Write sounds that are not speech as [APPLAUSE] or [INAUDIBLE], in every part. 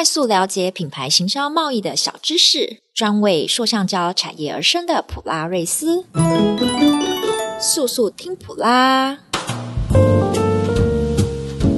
快速了解品牌行銷貿易的小知識，專為塑橡膠產業而生的普拉瑞斯，速速聽普拉，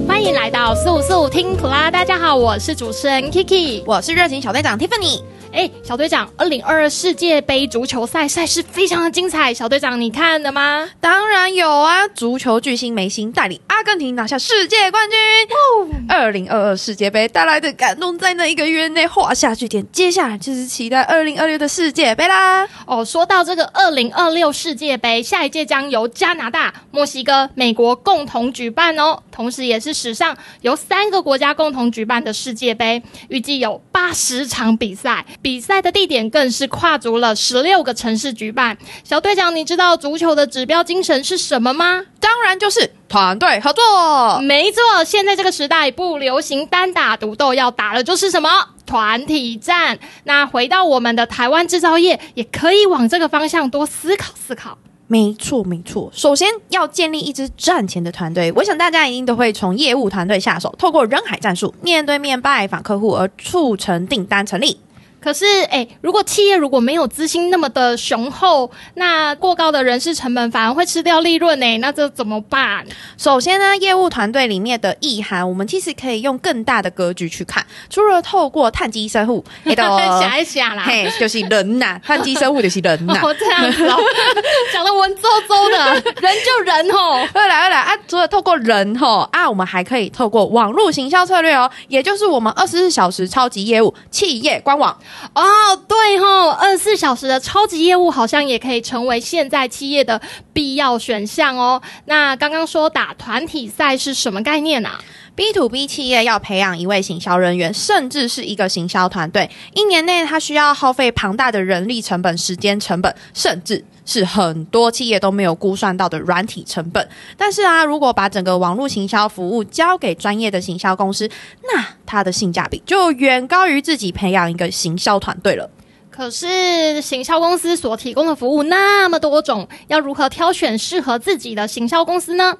歡迎來到速速聽普拉。大家好，我是主持人 Kiki，我是熱情小隊長 Tiffany。哎，小隊長，二零二二世界杯足球賽賽事非常的精彩，小隊長你看了嗎？當然有啊，足球巨星梅西帶領。阿根廷拿下世界冠軍！二零二二世界杯帶來的感動，在那一個月內畫下句點。接下來就是期待二零二六的世界杯啦！哦，說到這個二零二六世界杯，下一屆將由加拿大、墨西哥、美國共同舉辦哦，同時也是史上由三個國家共同舉辦的世界杯，預計有八十場比賽，比賽的地點更是跨足了十六個城市舉辦。小隊長，你知道足球的指標精神是什麼嗎？當然就是。團隊合作，沒錯。現在這個時代不流行單打獨鬥，要打的就是什麼？團體戰。那回到我們的台灣製造業，也可以往這個方向多思考思考。沒錯，沒錯。首先，要建立一支賺錢的團隊，我想大家一定都會從業務團隊下手，透過人海戰術，面對面拜訪客戶而促成訂單成立。可是，哎、欸，如果企業如果沒有資金那麼的雄厚，那過高的人事成本反而會吃掉利潤呢、欸？那這怎麼辦？首先呢，業務團隊裡面的意涵，我們其實可以用更大的格局去看。除了透過碳基生物，想、欸、一想啦，嘿，就是人吶、啊，碳基 [LAUGHS] 生物就是人吶、啊 [LAUGHS] 哦。這樣子， [LAUGHS] 講得文縐縐的， [LAUGHS] 人就人哦。 [LAUGHS] 對啦對啦，啊，除了透過人吼啊，我們還可以透過網路行銷策略哦，也就是我們二十四小時超級業務企業官網。哦，對吼、哦，二十四小時的超級業務好像也可以成為現在企業的必要選項哦。那剛剛說打團體賽是什麼概念吶、啊？B to B 企業要培養一位行銷人員，甚至是一個行銷團隊，一年內他需要耗費龐大的人力成本、時間成本，甚至是很多企業都沒有估算到的軟體成本。但是啊，如果把整個網絡行銷服務交給專業的行銷公司，那它的性價比就遠高於自己培養一個行銷團隊了。可是，行銷公司所提供的服務那麼多種，要如何挑選適合自己的行銷公司呢？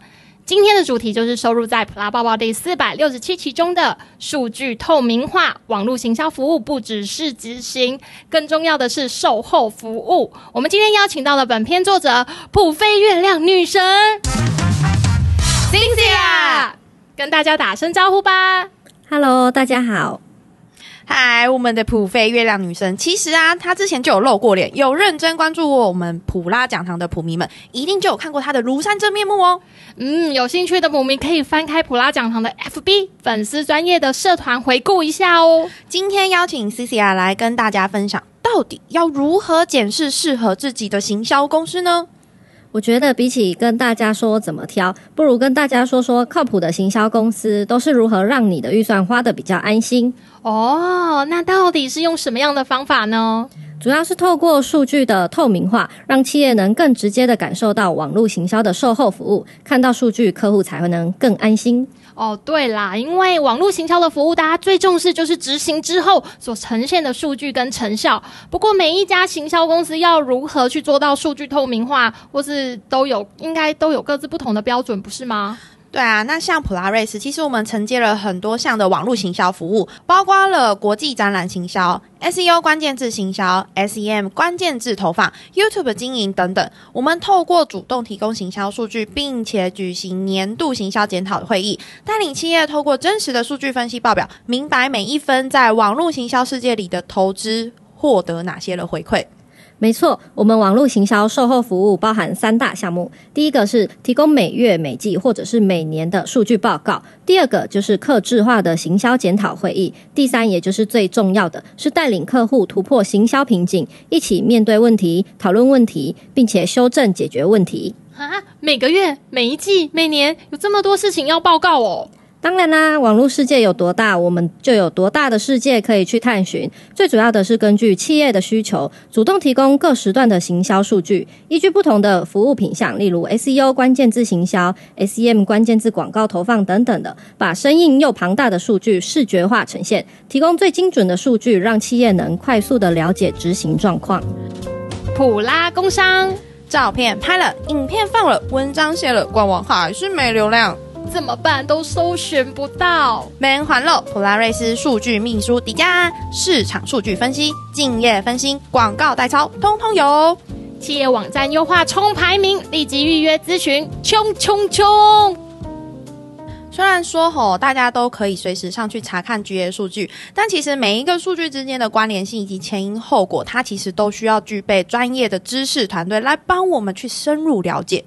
今天的主題就是收入在《普拉包包》第四百六十七期中的數據透明化網絡行銷服務，不只是執行，更重要的是售後服務。我們今天邀請到了本篇作者普菲月亮女神 s i、啊、跟大家打聲招呼吧。Hello，大家好。嗨，Hi, 我們的普飛月亮女神，其實啊，她之前就有露過臉，有認真關注過我們普拉講堂的普迷們，一定就有看過她的廬山真面目哦。嗯，有興趣的普迷可以翻開普拉講堂的 FB 粉絲專業的社團回顧一下哦。今天邀請 Cynthia 啊來跟大家分享，到底要如何檢視適合自己的行銷公司呢？我覺得比起跟大家說怎麼挑，不如跟大家說說靠譜的行銷公司都是如何讓你的預算花得比較安心。哦，那到底是用什麼樣的方法呢？主要是透過數據的透明化，讓企業能更直接的感受到網絡行銷的售後服務，看到數據，客戶才會能更安心。哦，對啦，因為網路行銷的服務，大家最重視就是執行之後所呈現的數據跟成效。不過，每一家行銷公司要如何去做到數據透明化，或是都有應該都有各自不同的標準，不是嗎？對啊，那像普拉瑞斯，其實我們承接了很多項的網絡行銷服務，包括了國際展覽行銷、SEO 關鍵字行銷、SEM 關鍵字投放、YouTube 經營等等。我們透過主動提供行銷數據，並且舉行年度行銷檢討會議，帶領企業透過真實的數據分析報表，明白每一分在網絡行銷世界裡的投資獲得哪些的回饋。沒錯，我們網絡行銷售後服務包含三大項目：第一個是提供每月、每季或者是每年的數據報告；第二個就是客製化的行銷檢討會議；第三，也就是最重要的是帶領客戶突破行銷瓶頸，一起面對問題、討論問題，並且修正解決問題。啊，每個月、每一季、每年有這麼多事情要報告哦。當然啦，網絡世界有多大，我們就有多大的世界可以去探尋。最主要的是根據企業的需求，主動提供各時段的行銷數據，依據不同的服務品項，例如 SEO 關鍵字行銷、SEM 關鍵字廣告投放等等的，把生硬又龐大的數據視覺化呈現，提供最精準的數據，讓企業能快速的了解執行狀況。普拉工商，照片拍了，影片放了，文章寫了，官網還是沒流量？怎麼辦？都搜尋不到，免歡落，普拉瑞斯數據秘書底嘉，市場數據分析、競業分析、廣告代操，通通有。企業網站優化衝排名，立即預約諮詢，衝衝衝！雖然說吼、哦，大家都可以隨時上去查看 GA 數據，但其實每一個數據之間的關聯性以及前因後果，它其實都需要具備專業的知識團隊來幫我們去深入了解。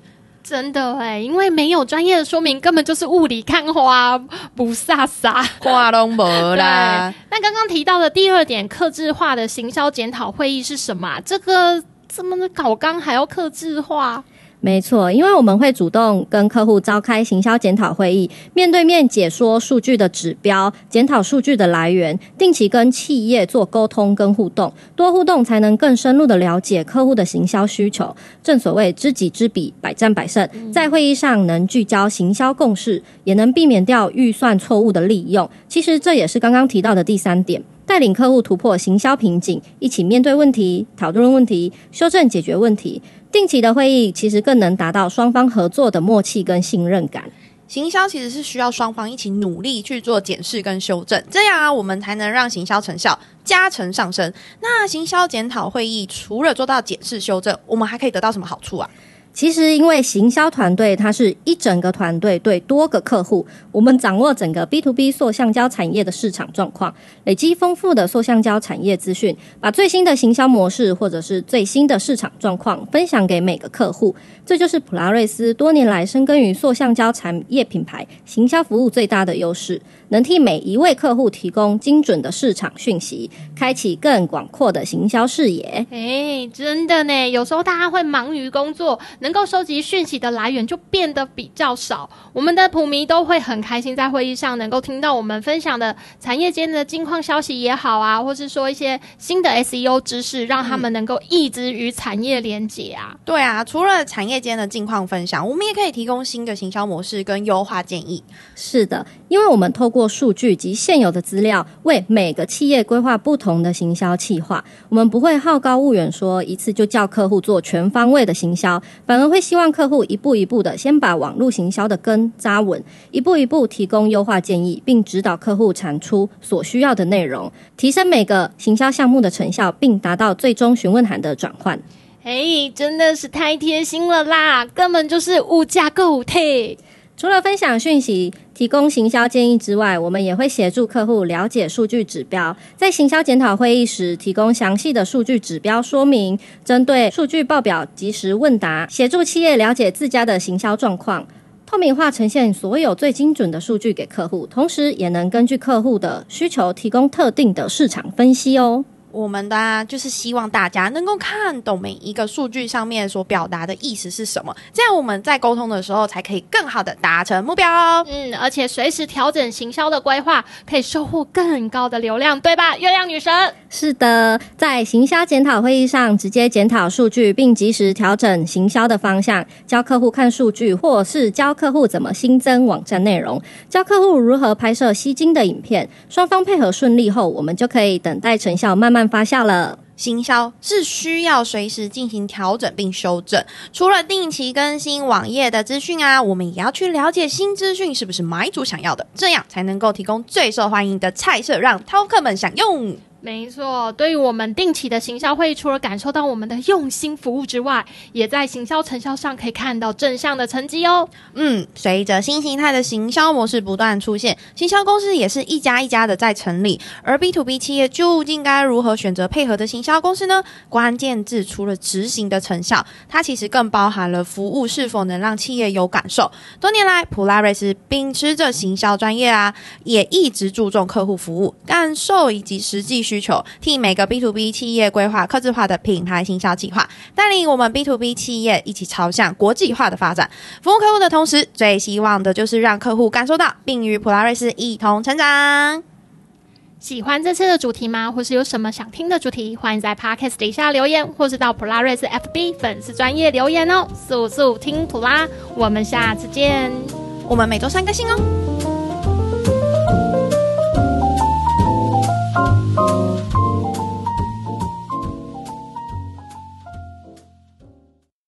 真的誒、欸、因為沒有專業的說明，根本就是霧裡看花，不颯颯，話都無啦。那剛剛提到的第二點，客製化的行銷檢討會議是什麼、啊？這個這麼的搞剛還要客製化？沒錯，因為我們會主動跟客戶召開行銷檢討會議，面對面解說數據的指標，檢討數據的來源，定期跟企業做溝通跟互動，多互動才能更深入的了解客戶的行銷需求。正所謂知己知彼，百戰百勝，嗯、在會議上能聚焦行銷共識，也能避免掉預算錯誤的利用。其實這也是剛剛提到的第三點，帶領客戶突破行銷瓶頸，一起面對問題，討論問題，修正解決問題。近期的會議其實更能達到雙方合作的默契跟信任感。行銷其實是需要雙方一起努力去做檢視跟修正，這樣啊，我們才能讓行銷成效加成上升。那行銷檢討會議除了做到檢視修正，我們還可以得到什麼好處啊？其實，因為行銷團隊它是一整個團隊對多個客戶，我們掌握整個 B to B 塑橡膠產業的市場狀況，累積豐富的塑橡膠產業資訊，把最新的行銷模式或者是最新的市場狀況分享給每個客戶，這就是普拉瑞斯多年來深耕於塑橡膠產業品牌行銷服務最大的優勢，能替每一位客戶提供精準的市場訊息，開啟更廣闊的行銷視野。誒，真的呢，有時候大家會忙於工作。能夠收集訊息的來源就變得比較少，我們的普迷都會很開心在會議上能夠聽到我們分享的產業間的近況消息也好啊，或是說一些新的 SEO 知識，讓他們能夠一直與產業連接啊、嗯。對啊，除了產業間的近況分享，我們也可以提供新的行銷模式跟優化建議。是的，因為我們透過數據及現有的資料，為每個企業規劃不同的行銷企劃。我們不會好高騖遠，說一次就叫客戶做全方位的行銷。反而會希望客戶一步一步地先把網路行銷的根扎穩，一步一步提供優化建議，並指導客戶產出所需要的內容，提升每個行銷項目的成效，並達到最終詢問函的轉換。哎，hey, 真的是太貼心了啦，根本就是物價購物貼。除了分享訊息。提供行銷建議之外，我們也會協助客戶了解數據指標，在行銷檢討會議時提供詳細的數據指標說明，針對數據報表及時問答，協助企業了解自家的行銷狀況，透明化呈現所有最精準的數據給客戶，同時也能根據客戶的需求提供特定的市場分析哦。我們的啊，就是希望大家能夠看懂每一個數據上面所表達的意思是什麼，這樣我們在溝通的時候才可以更好的達成目標哦。嗯，而且隨時調整行銷的規劃，可以收穫更高的流量，對吧？月亮女神，是的，在行銷檢討會議上直接檢討數據，並及時調整行銷的方向，教客戶看數據，或是教客戶怎麼新增網站內容，教客戶如何拍攝吸睛的影片。雙方配合順利後，我們就可以等待成效慢慢。發酵了，行銷是需要隨時進行調整並修正。除了定期更新網頁的資訊啊，我們也要去了解新資訊是不是買主想要的，這樣才能夠提供最受歡迎的菜色，讓饕客們享用。沒錯，對於我們定期的行銷會議，除了感受到我們的用心服務之外，也在行銷成效上可以看到正向的成績哦。嗯，隨着新形態的行銷模式不斷出現，行銷公司也是一家一家的在成立。而 B to B 企業究竟該如何選擇配合的行銷公司呢？關鍵字除了執行的成效，它其實更包含了服務是否能讓企業有感受。多年來，普拉瑞斯秉持着行銷專業啊，也一直注重客戶服務感受以及實際需需求替每個 B to B 企業規劃客製化的品牌行銷計劃，帶領我們 B to B 企業一起朝向國際化的發展。服務客戶的同時，最希望的就是讓客戶感受到，並與普拉瑞斯一同成長。喜歡這次的主題嗎？或是有什麼想聽的主題？歡迎在 Podcast 底下留言，或是到普拉瑞斯 FB 粉絲專頁留言哦。速速聽普拉，我們下次見。我們每周三更新哦。